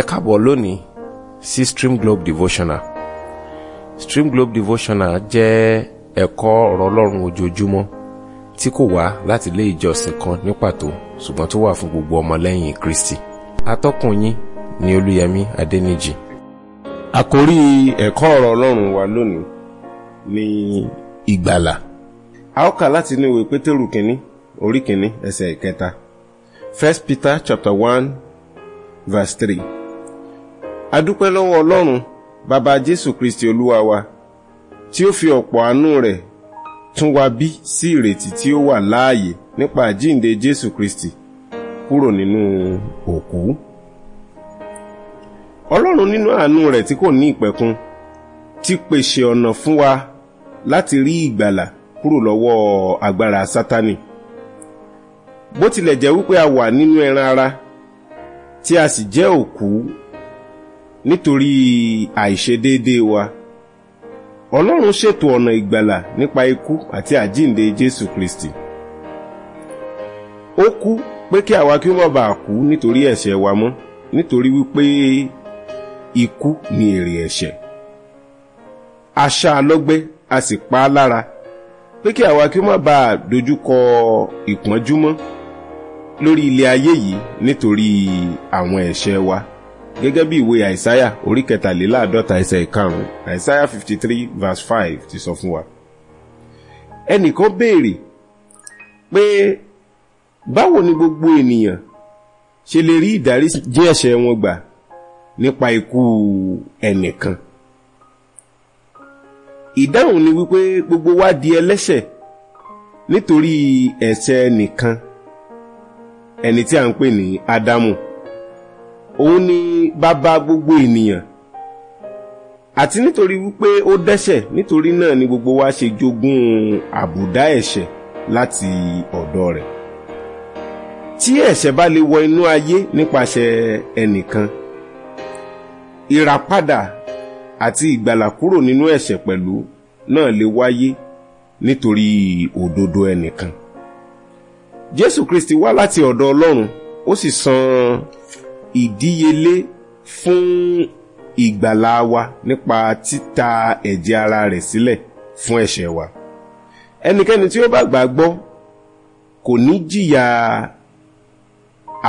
ẹ káàbọ̀ lónìí sí Stream Globe Devotional Stream Globe Devotional jẹ́ ẹ̀kọ́ ọ̀rọ̀ ọlọ́run ojoojúmọ́ tí kò wá láti ilé ìjọsìn kan ní pàtó ṣùgbọ́n tó wà fún gbogbo ọmọlẹ́yìn Kristi atọ́kùn yín ni Olúyẹmí Adẹ́nìjì. àkórí ẹ̀kọ́ ọ̀rọ̀ ọlọ́run wa lónìí ni ìgbàlà a ó kà láti inú ìwé Pétérù kínní orí kínní ẹsẹ̀ ìkẹta First Peter chapter one verse three adúpẹ́ lọ́wọ́ ọlọ́run bàbá jésù kristi olúwa wa tí ó fi ọ̀pọ̀ àánú rẹ̀ tún wa bí sí ìrètí tí ó wà láàyè nípa àjíǹde jésù kristi kúrò nínú òkú ọlọ́run nínú àánú rẹ̀ tí kò ní ìpẹ̀kun ti pèsè ọ̀nà fún wa láti rí ìgbàlà kúrò lọ́wọ́ agbára sátánì bó tilẹ̀ jẹ́ wípé a wà nínú ẹran ara tí a sì jẹ́ òkú nítorí àìṣedéédé wa ọlọ́run ṣètò ọ̀nà ìgbàlà nípa ikú àti àjíǹde jésù kristi ó kú pé kí àwa kí ó má bàa kú nítorí ẹ̀ṣẹ̀ wa mọ́ nítorí wípé ikú ni èrè ẹ̀ṣẹ̀ a ṣá a lọ́gbẹ́ sì pa á lára pé kí àwa kí ó má bàa dojúkọ ìpọ́njú mọ́ lórí ilé ayé yìí nítorí àwọn ẹ̀ṣẹ̀ wa gẹ́gẹ́ bí ìwé àìsáyà orí kẹtàléláàádọ́ta ẹsẹ̀ ìkarùn-ún àìsáyà fifty three verse five ti sọ fún wa. ẹnìkan béèrè pé báwo ni gbogbo ènìyàn ṣe lè rí ìdáríjì ẹ̀ṣẹ̀ wọn gbà nípa ikú ẹnìkan. ìdáhùn ni wípé gbogbo wa di ẹlẹ́ṣẹ̀ nítorí ẹ̀ṣẹ̀ nìkan ẹni tí a ń pè ní Ádámù òun ni bàbá gbogbo ènìyàn àti nítorí wípé ó dẹ́ṣẹ̀ nítorí náà ni gbogbo wa ṣe jogún àbùdá ẹ̀ṣẹ̀ láti ọ̀dọ̀ rẹ̀ tí ẹ̀ṣẹ̀ bá lè wọ inú ayé nípasẹ̀ ẹnìkan ìràpadà àti ìgbàlà kúrò nínú ẹ̀ṣẹ̀ pẹ̀lú náà lè wáyé nítorí òdodo ẹnìkan jésù kristi wá láti ọ̀dọ̀ ọlọ́run ó sì san ìdíyelé fún ìgbàlá wa nípa títa ẹ̀jẹ̀ ara rẹ̀ sílẹ̀ fún ẹ̀ṣẹ̀ wa ẹnikẹ́ni tí ó bá gbàgbọ́ kò ní jìyà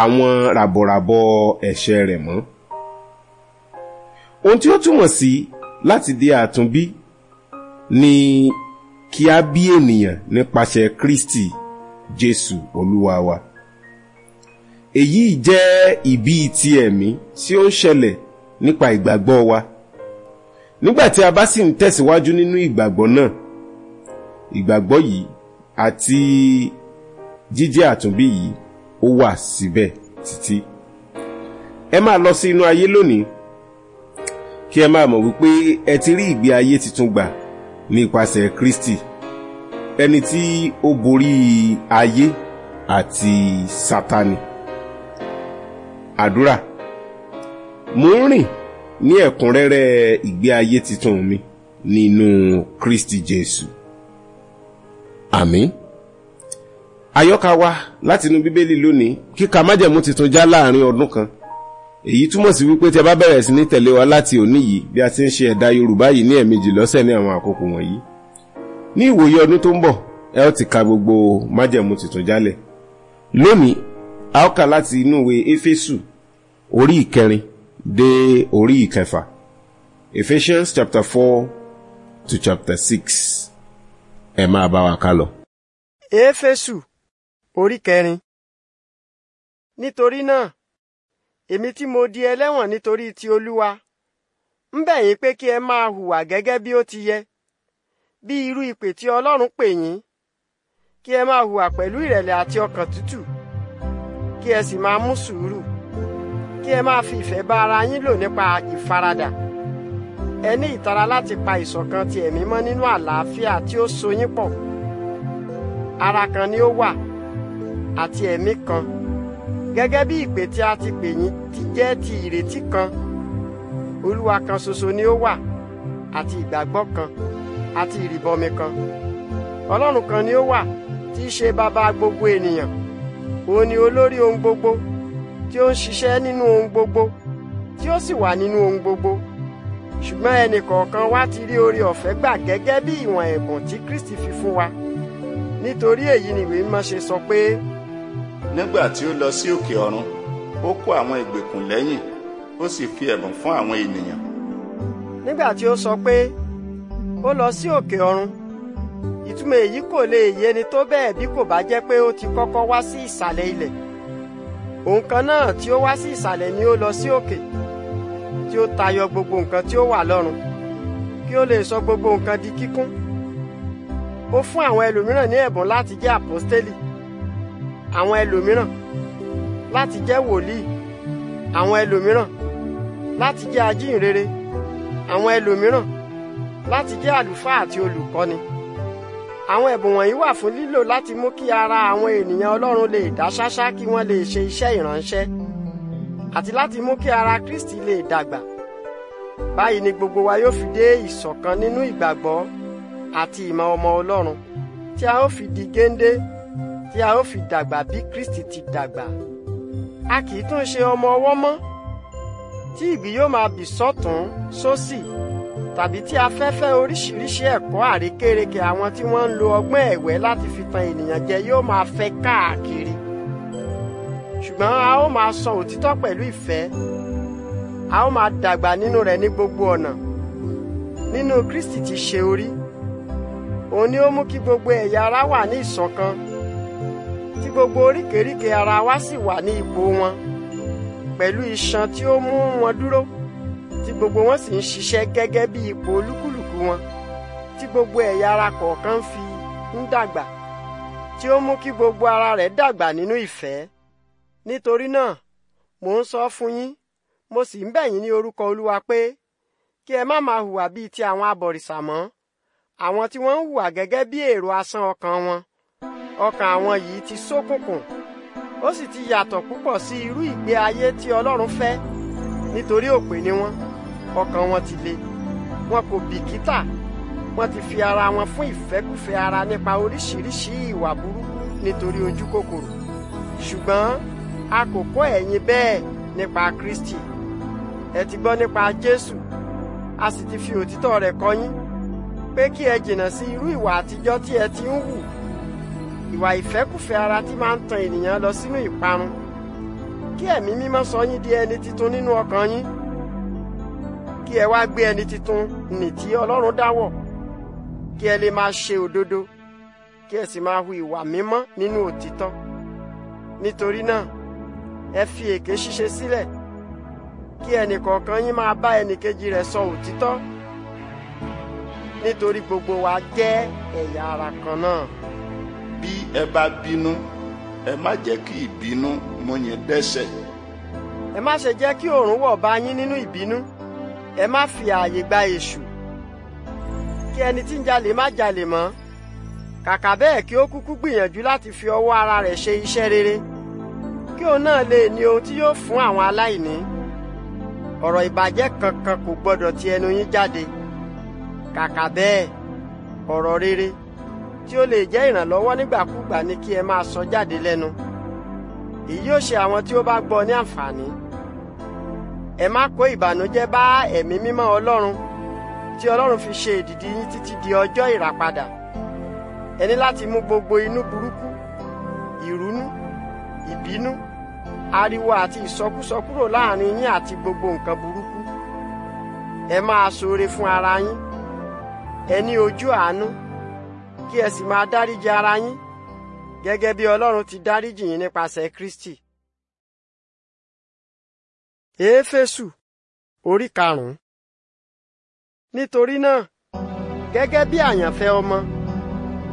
àwọn ràbọ̀ràbọ̀ ẹ̀ṣẹ̀ rẹ̀ mọ́ ohun tí ó túmọ̀ sí láti di àtúnbí ni kí a bí ènìyàn nípasẹ̀ Kristi Jésù Olúwa wa. Wa èyí jẹ́ ìbí ti ẹ̀mí tí ó ń ṣẹlẹ̀ nípa ìgbàgbọ́ wa nígbà tí a bá sì ń tẹ̀síwájú nínú ìgbàgbọ́ náà ìgbàgbọ́ yìí àti jíjẹ́ àtúnbí yìí ó wà síbẹ̀ títí ẹ máa lọ sí inú ayé lónìí kí ẹ máa mọ̀ wípé ẹ ti rí ìgbé ayé tuntun gbà nípasẹ̀ Kristi ẹni tí ó borí ayé àti Sátánì àdúrà mò ń rìn ní ẹ̀kúnrẹ́rẹ́ ìgbé ayé titun mi nínú Kristi Jésù àmín àyọkà wa látinú bíbélì lónìí kíka májẹ̀mú titun já láàrin ọdún kan èyí túmọ̀ sí wípé tí a bá bẹ̀rẹ̀ sí ní tẹ̀lé wa láti òní yìí bí a ti ń ṣe ẹ̀dà Yorùbá yìí ní ẹ̀ẹ̀mejì lọ́sẹ̀ ní àwọn àkókò wọ̀nyí ní ìwòye ọdún tó ń bọ̀ ẹ ó ti ka gbogbo májẹ̀mú titun jálẹ̀ lónìí a ó kà láti inú ìwé éfésù orí ìkẹrin dé orí ìkẹfà Ephesians chapter four to chapter six ẹ máa bá wa ká lọ. éfésù orí kẹrin nítorí náà èmi tí mo di ẹlẹ́wọ̀n nítorí ti olúwa ń bẹ̀ yín pé kí ẹ máa hùwà gẹ́gẹ́ bí ó ti yẹ bí irú ìpè tí ọlọ́run pè yín kí ẹ máa hùwà pẹ̀lú ìrẹ̀lẹ̀ àti ọkàn tútù kí ẹ sì máa mú sùúrù kí ẹ máa fi ìfẹ́ bá ara yín lò nípa ìfaradà ẹ ní ìtara láti pa ìṣọ̀kan ti ẹ̀mí mọ́ nínú àlàáfíà tí ó so yín pọ̀ ara kan ni ó wà àti ẹ̀mí kan gẹ́gẹ́ bí ìpè tí a ti pè yín ti jẹ́ ti ìrètí kan olúwa kan ṣoṣo ni ó wà àti ìgbàgbọ́ kan àti ìrìbọmi kan ọlọ́run kan ni ó wà tí í ṣe bàbá gbogbo ènìyàn òun ni olórí ohun gbogbo tí ó ń ṣiṣẹ́ nínú ohun gbogbo tí ó sì wà nínú ohun gbogbo ṣùgbọ́n ẹnì kọ̀ọ̀kan wa ti rí oore ọ̀fẹ́ gbà gẹ́gẹ́ bí ìwọ̀n ẹ̀bùn tí Kristi fi fún wa nítorí èyí ni ìwé mímọ́ ṣe sọ pé. nígbà tí ó lọ sí òkè ọ̀run ó kó àwọn ìgbèkùn lẹ́yìn ó sì fi ẹ̀bùn fún àwọn ènìyàn. nígbà tí ó sọ pé ó lọ sí òkè ọ̀run ìtumọ̀ èyí kò lè yéni tó bẹ́ẹ̀ bí kò bá jẹ́ pé ó ti kọ́kọ́ wá sí ìsàlẹ̀ ilẹ̀ òun kan náà tí ó wá sí ìsàlẹ̀ ni ó lọ sí òkè tí ó tayọ gbogbo nǹkan tí ó wà lọ́run kí ó lè sọ gbogbo nǹkan di kíkún ó fún àwọn ẹlòmíràn ní ẹ̀bùn láti jẹ́ àpọ́stélì àwọn ẹlòmíràn láti jẹ́ wòlíì àwọn ẹlòmíràn láti jẹ́ ajínrere àwọn ẹlòmíràn láti jẹ́ àlùfáà àti olùkọ́ni àwọn ẹ̀bùn wọ̀nyí wà fún lílò láti mú kí ara àwọn ènìyàn Ọlọ́run lè dá ṣáṣá kí wọ́n lè ṣe iṣẹ́ ìránṣẹ́ àti láti mú kí ara Kristi lè dàgbà báyìí ni gbogbo wa yóò fi dé ìṣọ̀kan nínú ìgbàgbọ́ àti ìmọ̀ ọmọ Ọlọ́run tí a ó fi di géńdé tí a ó fi dàgbà bí Kristi ti dàgbà a kì í tún ṣe ọmọ ọwọ́ mọ́ tí ìbí yóò máa bì sọ́tún sósì tàbí tí afẹ́fẹ́ oríṣiríṣi ẹ̀kọ́ àrékérekè àwọn tí wọ́n ń lo ọgbọ́n ẹ̀wẹ́ láti fi tan ènìyàn jẹ yóò máa fẹ́ káàkiri ṣùgbọ́n a ó máa sọ òtítọ́ pẹ̀lú ìfẹ́ a ó máa dàgbà nínú rẹ̀ ní gbogbo ọ̀nà nínú Kristi ti ṣe orí òun ni ó mú kí gbogbo ẹ̀yà ara wà ní ìṣọ̀kan tí gbogbo oríkèéríkèé ara wa sì wà ní ipò wọn pẹ̀lú iṣan tí ó mú wọn dúró tí gbogbo wọn sì ń ṣiṣẹ́ gẹ́gẹ́ bí ipò olúkúlùkù wọn tí gbogbo ẹ̀yà ara kọ̀ọ̀kan fi ń dàgbà tí ó mú kí gbogbo ara rẹ̀ dàgbà nínú ìfẹ́ nítorí náà mò ń sọ fún yín mo sì ń bẹ̀ yín ní orúkọ olúwa pé kí ẹ má máa hùwà bíi ti àwọn abọ̀rìṣà mọ́ àwọn tí wọ́n ń hùwà gẹ́gẹ́ bí èrò asán ọkàn wọn ọkàn àwọn yìí ti ṣókùnkùn ó sì ti yàtọ̀ púpọ̀ sí irú ìgbé ayé tí Ọlọ́run fẹ́ nítorí òpè ni wọ́n ọkàn wọn ti le wọn kò bìkítà wọn ti fi ara wọn fún ìfẹ́kùfẹ́ ara nípa oríṣiríṣi ìwà burúkú nítorí ojú kòkòrò ṣùgbọ́n a kò kọ́ ẹ̀yin bẹ́ẹ̀ nípa Kristi ẹ ti gbọ́ nípa Jésù a sì ti fi òtítọ́ rẹ̀ kọ́ yín pé kí ẹ jìnnà sí irú ìwà àtijọ́ tí ẹ ti ń hù ìwà ìfẹ́kùfẹ́ ara tí máa ń tan ènìyàn lọ sínú ìparun kí ẹ̀mí mímọ́ sọ yín di ẹni titun nínú ọkàn yín kí ẹ wá gbé ẹni titun nì tí Ọlọ́run dáwọ̀ kí ẹ lè máa ṣe òdodo kí ẹ sì máa hu ìwà mímọ́ nínú òtítọ́ nítorí náà ẹ fi èké ṣíṣe sílẹ̀ kí ẹnìkọ̀ọ̀kan yín máa bá ẹnìkejì rẹ̀ sọ òtítọ́ nítorí gbogbo wa jẹ́ ẹ̀yà ara kan náà. bí ẹ bá bínú ẹ má jẹ́ kí ìbínú mú yín dẹ́ṣẹ̀. ẹ má ṣe jẹ́ kí oòrùn wọ̀ bá yín nínú ìbínú ẹ má fi ààyè gba èṣù kí ẹni tí ń jalè má jalè mọ́ kàkà bẹ́ẹ̀ kí ó kúkú gbìyànjú láti fi ọwọ́ ara rẹ̀ ṣe iṣẹ́ rere kí òun náà lè ní ohun tí yóò fún àwọn aláìní ọ̀rọ̀ ìbàjẹ́ kankan kò gbọ́dọ̀ ti ẹnu yín jáde kàkà bẹ́ẹ̀ ọ̀rọ̀ rere tí ó lè jẹ́ ìrànlọ́wọ́ nígbàkúgbà ni kí ẹ máa sọ jáde lẹ́nu èyí yóò ṣe àwọn tí ó bá gbọ́ ní àǹfààní ẹ má kó ìbànújẹ́ bá ẹ̀mí mímọ́ Ọlọ́run tí Ọlọ́run fi ṣe èdìdì yín títí di ọjọ́ ìràpadà ẹ ní láti mú gbogbo inú burúkú ìrúnú ìbínú ariwo àti ìsọkúsọ kúrò láàrin yín àti gbogbo nǹkan burúkú ẹ máa ṣoore fún ara yín ẹ ojú àánú kí ẹ sì máa dáríji ara yín gẹ́gẹ́ bí Ọlọ́run ti dáríji yín nípasẹ̀ Kristi éfésù orí karùnún. nítorí náà gẹ́gẹ́ bí àyànfẹ́ ọmọ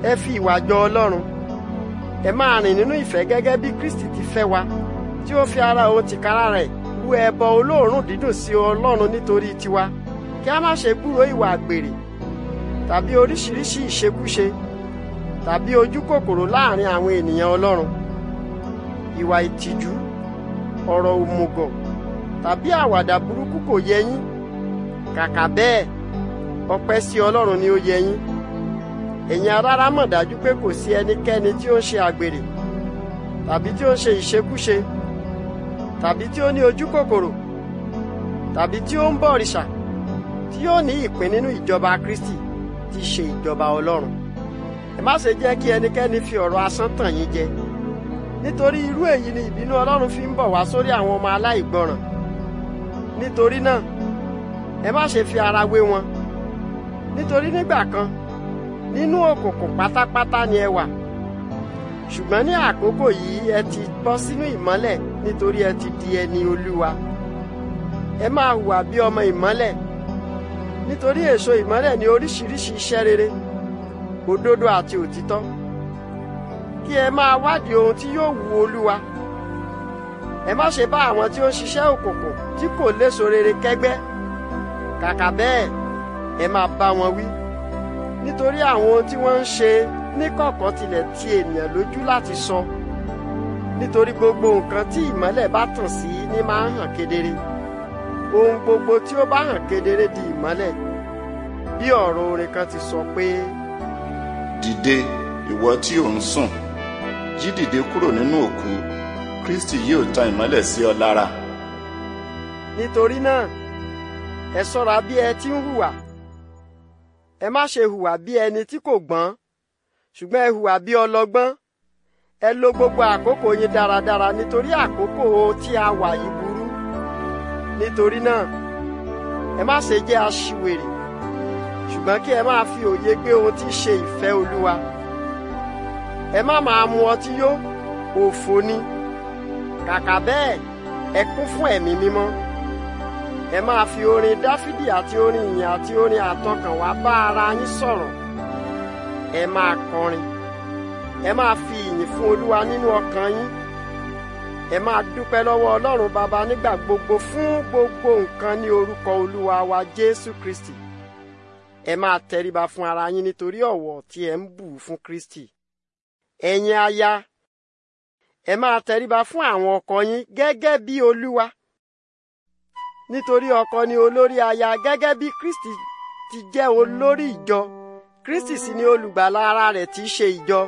ẹ fi ìwà jọ ọlọ́run ẹ máa rìn nínú ìfẹ́ gẹ́gẹ́ bí kristi ti fẹ́ wa tí ó fi ara òun tìkára rẹ̀ rú ẹbọ olóòórùn dídùn sí ọlọ́run nítorí tiwa kí a má ṣe gbúròó ìwà àgbèrè tàbí oríṣiríṣi ìṣekúṣe tàbí ojú kòkòrò láàrin àwọn ènìyàn ọlọ́run ìwà ìtìjú ọ̀rọ̀ òmùgọ̀ tàbí àwàdà burúkú kò yẹ yín kàkà bẹ́ẹ̀ ọpẹ́ sí Ọlọ́run ni ó yẹ yín ẹ̀yin arára mọ̀ dájú pé kò sí ẹnikẹ́ni tí ó ń ṣe àgbèrè tàbí tí ó ń ṣe ìṣekúṣe tàbí tí ó ní ojú kòkòrò tàbí tí ó ń bọ̀rìṣà tí yóò ní ìpín nínú ìjọba Kristi tí ṣe ìjọba Ọlọ́run ẹ má ṣe jẹ́ kí ẹnikẹ́ni fi ọ̀rọ̀ asán tàn yín jẹ nítorí irú èyí ni ìbínú Ọlọ́run fi ń bọ̀ wá sórí àwọn ọmọ aláìgbọràn nítorí náà ẹ má ṣe fi ara wé wọn nítorí nígbà kan nínú òkùnkùn pátápátá ni ẹ wà ṣùgbọ́n ní àkókò yìí ẹ ti bọ́ sínú ìmọ́lẹ̀ nítorí ẹ ti di ẹni olúwa ẹ máa hùwà bí ọmọ ìmọ́lẹ̀ nítorí èso ìmọ́lẹ̀ ní oríṣiríṣi iṣẹ́ rere òdodo àti òtítọ́ kí ẹ máa wádìí ohun tí yóò wu olúwa ẹ má ṣe bá àwọn tí ó ń ṣiṣẹ́ òkùnkùn tí kò léso rere kẹ́gbẹ́ kàkà bẹ́ẹ̀ ẹ máa bá wọn wí nítorí àwọn ohun tí wọ́n ń ṣe níkọ̀kọ̀ tilẹ̀ ti ènìyàn lójú láti sọ nítorí gbogbo nǹkan tí ìmọ́lẹ̀ bá tàn sí ní máa ń hàn kedere ohun gbogbo tí ó bá hàn kedere di ìmọ́lẹ̀ bí ọ̀rọ̀ orin kan ti sọ pé. dìde ìwọ tí ò ń sùn jí dìde kúrò nínú òkú Kristi yóò tan ìmọ́lẹ̀ sí ọ lára. nítorí náà ẹ ṣọ́ra bí ẹ ti ń hùwà ẹ má ṣe hùwà bí ẹni tí kò gbọ́n ṣùgbọ́n ẹ hùwà bí ọlọ́gbọ́n ẹ lo gbogbo àkókò yín dáradára nítorí àkókò tí a wà yìí burú nítorí náà ẹ má ṣe jẹ́ aṣiwèrè ṣùgbọ́n kí ẹ máa fi òye gbé ohun tí ń ṣe ìfẹ́ Olúwa ẹ má máa mu ọtí yó òfò ni kàkà bẹ́ẹ̀ ẹ kún fún ẹ̀mí mímọ́ ẹ máa fi orin dáfídì àti orin ìyìn àti orin àtọkàn wá bá ara yín sọ̀rọ̀ ẹ máa kọrin ẹ máa fi ìyìn fún olúwa nínú ọkàn yín ẹ máa dúpẹ́ lọ́wọ́ ọlọ́run bàbá nígbà gbogbo fún gbogbo nǹkan ní orúkọ olúwa wa jésù kristi ẹ máa tẹríba fún ara yín nítorí ọ̀wọ̀ tí ẹ ń bù fún kristi ẹ̀yin aya ẹ máa tẹríba fún àwọn ọkọ yín gẹ́gẹ́ bí olúwa nítorí ọkọ ni olórí aya gẹ́gẹ́ bí Kristi ti jẹ́ olórí ìjọ Kristi sì ni olùgbàlà ara rẹ̀ ti ṣe ìjọ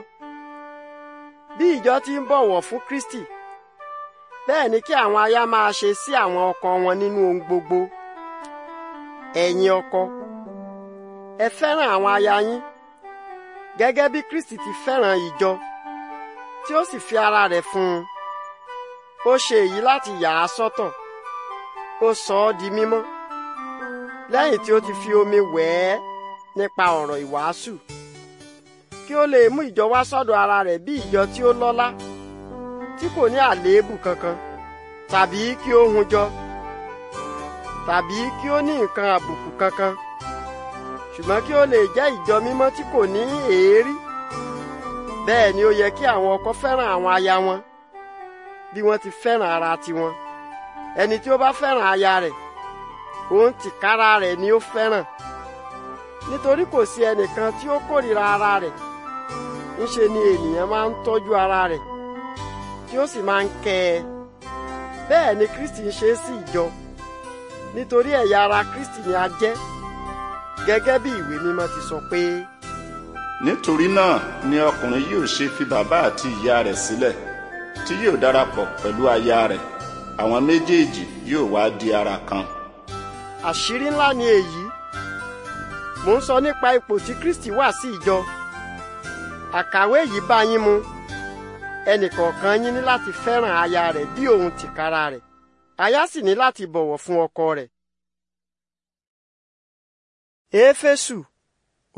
bí ìjọ ti ń bọ̀wọ̀ fún Kristi bẹ́ẹ̀ ni kí àwọn aya máa ṣe sí àwọn ọkọ wọn nínú ohun gbogbo ẹ̀yin ọkọ ẹ fẹ́ràn àwọn aya yín gẹ́gẹ́ bí Kristi ti fẹ́ràn ìjọ. E tí ó sì fi ara rẹ̀ fún un ó ṣe èyí láti yà á sọ́tọ̀ ó sọ ọ́ di mímọ́ lẹ́yìn tí ó ti fi omi wẹ̀ ẹ́ nípa ọ̀rọ̀ ìwàásù kí ó lè mú ìjọ wá sọ́dọ̀ ara rẹ̀ bí ìjọ tí ó lọ́lá tí kò ní àléébù kankan tàbí kí ó hun jọ tàbí kí ó ní nǹkan àbùkù kankan ṣùgbọ́n kí ó lè jẹ́ ìjọ mímọ́ tí kò ní èérí. bẹ́ẹ̀ ni ó yẹ kí àwọn ọkọ fẹ́ràn àwọn aya wọn bí wọ́n ti fẹ́ràn ara tiwọn ẹni tí ó bá fẹ́ràn aya rẹ̀ òun tìkára rẹ̀ ni ó fẹ́ràn nítorí kò sí ẹnìkan tí ó kórìíra ara rẹ̀ ńṣe ni ènìyàn máa ń tọ́jú ara rẹ̀ tí ó sì máa ń kẹ́ ẹ bẹ́ẹ̀ ni Kristi ń ṣe sí ìjọ nítorí ẹ̀yà ara Kristi ni a jẹ́ gẹ́gẹ́ bí ìwé mímọ́ ti sọ pé. nítorí náà ni ọkùnrin yóò ṣe fi bàbá àti ìyá rẹ̀ sílẹ̀ tí yóò darapọ̀ pẹ̀lú aya rẹ̀ àwọn méjèèjì yóò wá di ara kan. àṣírí ńlá ni èyí mò ń sọ nípa ipò tí Kristi wà sí ìjọ àkàwé yìí bá yín mu ẹnìkọ̀ọ̀kan yín ní láti fẹ́ràn aya rẹ̀ bí òun tìkára rẹ̀ aya sì ní láti bọ̀wọ̀ fún ọkọ rẹ̀. Éfésù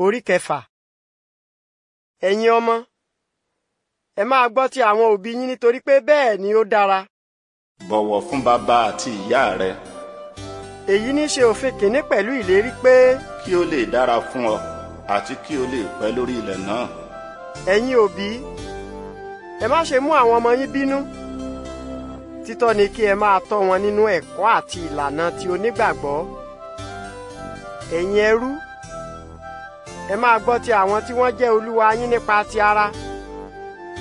orí kẹfà ẹ̀yin ọmọ ẹ máa gbọ́ ti àwọn òbí yín nítorí pé bẹ́ẹ̀ ni ó dára. bọ̀wọ̀ fún bàbá àti ìyá rẹ. èyí ní ṣe òfin kìíní pẹ̀lú ìlérí pé. kí ó lè dára fún ọ àti kí ó lè pẹ́ lórí ilẹ̀ náà. ẹ̀yin òbí ẹ má ṣe mú àwọn ọmọ yín bínú títọ́ ni kí ẹ máa tọ́ wọn nínú ẹ̀kọ́ àti ìlànà ti onígbàgbọ́ ẹ̀yin ẹrú ẹ máa gbọ́ ti àwọn tí wọ́n jẹ́ olúwa yín nípa ti ara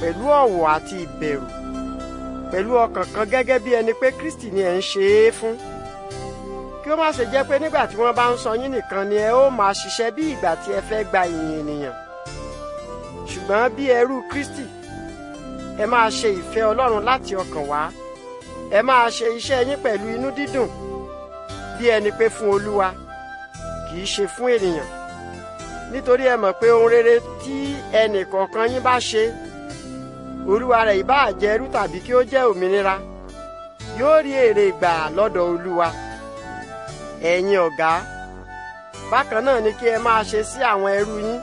pẹ̀lú ọ̀wọ̀ àti ìbẹ̀rù pẹ̀lú ọkàn kan gẹ́gẹ́ bí ẹni pé Kristi ni ẹ̀ ń ṣe é fún kí ó má ṣe jẹ́ pé nígbà tí wọ́n bá ń sọ yín nìkan ni ẹ ó máa ṣiṣẹ́ bí ìgbà tí ẹ fẹ́ gba ìyìn ènìyàn ṣùgbọ́n bí ẹrú Kristi ẹ máa ṣe ìfẹ́ Ọlọ́run láti ọkàn wá ẹ máa ṣe iṣẹ́ yín pẹ̀lú inú dídùn bí ẹni pé fún Olúwa kì í ṣe fún ènìyàn nítorí ẹ mọ̀ pé ohun rere tí ẹnìkọ̀ọ̀kan yín bá ṣe olúwa rẹ̀ ìbáà jẹ́ ẹrú tàbí kí ó jẹ́ òmìnira yóò rí èrè gbà lọ́dọ̀ olúwa ẹ̀yin ọ̀gá bákan náà ni kí ẹ máa ṣe sí àwọn ẹrú yín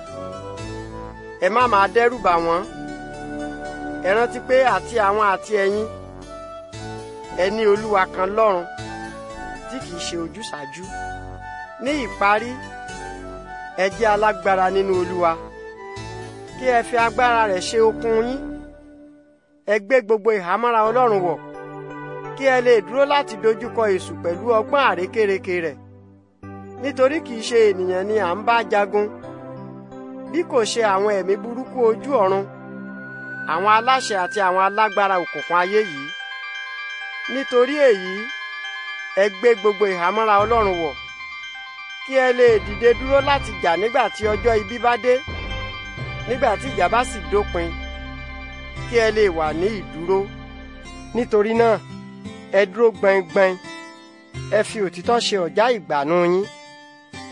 ẹ má máa dẹ́rù bà wọ́n ẹ rántí pé àti àwọn àti ẹ̀yin ẹ olúwa kan lọ́run tí kìí ṣe ojúsàájú ní ìparí ẹ jẹ́ alágbára nínú olúwa kí ẹ fi agbára rẹ̀ ṣe okun yín ẹ gbé gbogbo ìhámọ́ra ọlọ́run wọ̀ kí ẹ lè dúró láti dojúkọ èṣù pẹ̀lú ọgbọ́n àrékérekè rẹ̀ nítorí kìí ṣe ènìyàn ni à ń bá jagun bí kò ṣe àwọn ẹ̀mí burúkú ojú ọ̀run àwọn aláṣẹ àti àwọn alágbára òkùnkùn ayé yìí nítorí èyí ẹ gbé gbogbo ìhámọ́ra ọlọ́run wọ̀ kí ẹ lè dìde dúró láti jà nígbà tí ọjọ́ ibi bá dé nígbà tí ìjà bá sì dópin kí ẹ lè wà ní ìdúró nítorí náà ẹ dúró gbẹngbẹng ẹ fi òtítọ́ ṣe ọ̀já ìgbànú yín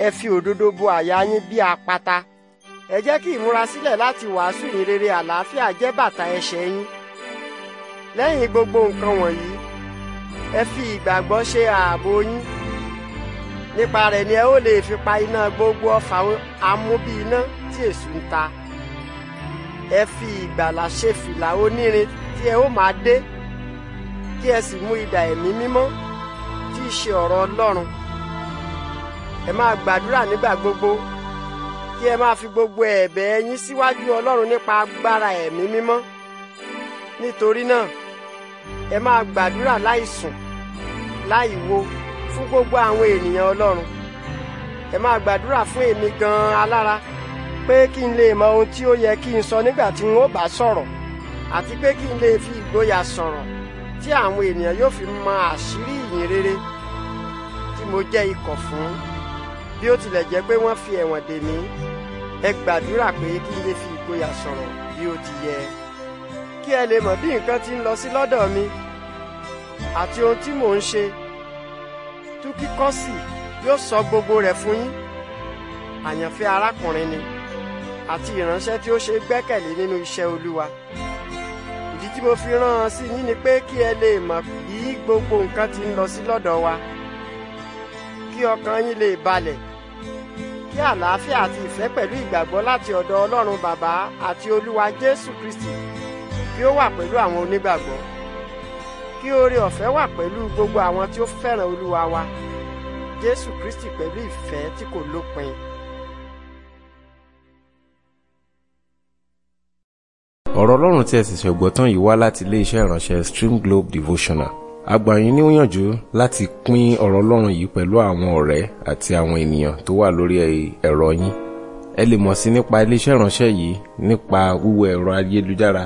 ẹ fi òdodo bo àyà yín bí apata ẹ jẹ́ kí ìmúrasílẹ̀ láti wàásù ìrere àlàáfíà jẹ́ bàtà ẹsẹ̀ yín lẹ́yìn gbogbo nǹkan wọ̀nyí ẹ fi ìgbàgbọ́ ṣe ààbò yín nípa rẹ̀ ni ẹ ó lè fi pa iná gbogbo ọfà amúbí iná tí èṣù ń ta ẹ fi ìgbàlà ṣe fìlà onírin tí ẹ ó máa dé kí ẹ sì mú idà ẹ̀mí mímọ́ tí í ṣe ọ̀rọ̀ Ọlọ́run ẹ máa gbàdúrà nígbà gbogbo kí ẹ máa fi gbogbo ẹ̀bẹ̀ yín síwájú Ọlọ́run nípa agbára ẹ̀mí mímọ́ nítorí náà ẹ máa gbàdúrà láì sùn láì wo fún gbogbo àwọn ènìyàn Ọlọ́run ẹ máa gbàdúrà fún èmi gan-an alára pé kí n lè mọ ohun tí ó yẹ kí n sọ nígbà tí n ó bá sọ̀rọ̀ àti pé kí n lè fi ìgboyà sọ̀rọ̀ tí àwọn ènìyàn yóò fi mọ àṣírí ìyìn rere tí mo jẹ́ ikọ̀ fún bí ó tilẹ̀ jẹ́ pé wọ́n fi ẹ̀wọ̀n dè mí ẹ gbàdúrà pé kí n lè fi ìgboyà sọ̀rọ̀ bí ó ti yẹ kí ẹ lè mọ̀ bí nǹkan ti ń lọ sí lọ́dọ̀ mi àti ohun tí mò ń ṣe Tukikọsi yóò sọ gbogbo rẹ̀ fún yín àyànfẹ́ arákùnrin ni àti ìránṣẹ́ tí ó ṣe gbẹ́kẹ̀lé nínú iṣẹ́ Olúwa ìdí tí mo fi rán an sí yín ni pé kí ẹ lè mọ̀ bí gbogbo nǹkan ti ń lọ sí lọ́dọ̀ wa kí ọkàn yín lè balẹ̀ kí àlàáfíà àti ìfẹ́ pẹ̀lú ìgbàgbọ́ láti ọ̀dọ̀ Ọlọ́run Bàbá àti Olúwa Jésù Kristi kí ó wà pẹ̀lú àwọn onígbàgbọ́ kí oore ọ̀fẹ́ wà pẹ̀lú gbogbo àwọn tí ó fẹ́ràn olúwa wa jésù kristi pẹ̀lú ìfẹ́ tí kò lópin. ọ̀rọ̀ ọlọ́run tí ẹ sì ṣẹ̀gbọ́ tán yìí wá láti iléeṣẹ́ ìránṣẹ́ stream globe devotional a ni yín níyànjú láti pín ọ̀rọ̀ ọlọ́run yìí pẹ̀lú àwọn ọ̀rẹ́ àti àwọn ènìyàn tó wà lórí ẹ̀rọ yín ẹ lè mọ̀ sí nípa iléeṣẹ́ ìránṣẹ́ yìí nípa wíwọ ẹ̀rọ ayélujára